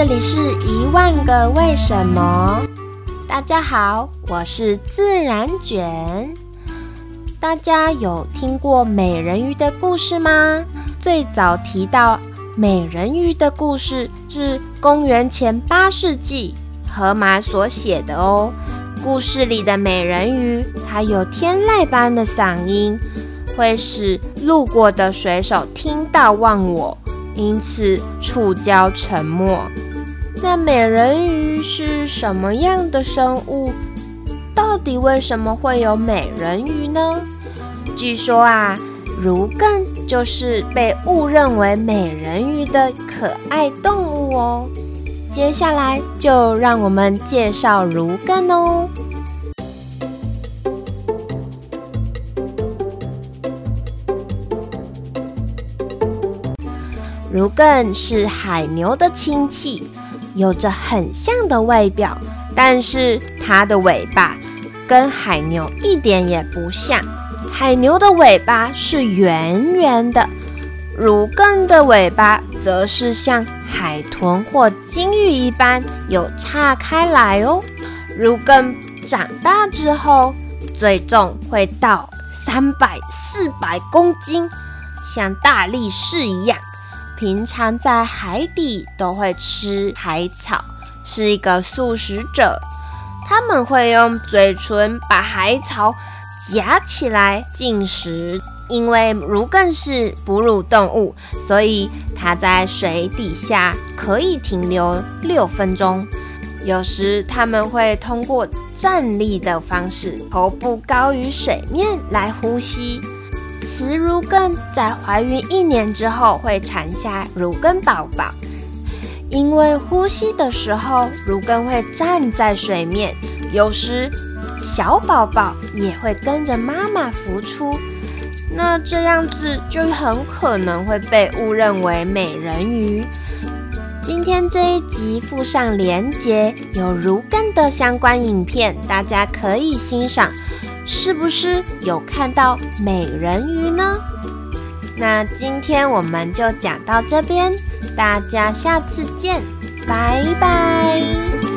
這裡是一萬個為什麼，大家好，我是自然捲。大家有聽過美人魚的故事嗎？最早提到美人魚的故事是公元前八世紀荷馬所寫的哦。故事裡的美人魚，她有天籟般的嗓音，會使路過的水手聽到忘我，因此觸礁沉沒。那美人魚是什麼樣的生物？到底為什麼會有美人魚呢？據說啊，儒艮就是被誤認為美人魚的可愛動物哦。接下來就讓我們介紹儒艮哦。儒艮是海牛的親戚。有着很像的外表，但是它的尾巴跟海牛一點也不像。海牛的尾巴是圓圓的，儒艮的尾巴則是像海豚或鯨魚一般有叉開來哦。儒艮長大之後，最重會到三百四百公斤，像大力士一樣。平常在海底都會吃海草，是一個素食者。他們會用嘴唇把海草夾起來進食。因為儒艮是哺乳動物，所以它在水底下可以停留六分鐘。有時他們會通過站立的方式，頭部高於水面來呼吸。雌儒艮在懷孕一年之後會產下儒艮寶寶，因為呼吸的時候儒艮會站在水面，有時小寶寶也會跟着媽媽浮出，那這樣子就很可能會被誤認為美人魚。今天這一集附上連接，有儒艮的相關影片，大家可以欣賞。是不是有看到美人魚呢？那今天我們就講到這邊，大家下次見，拜拜。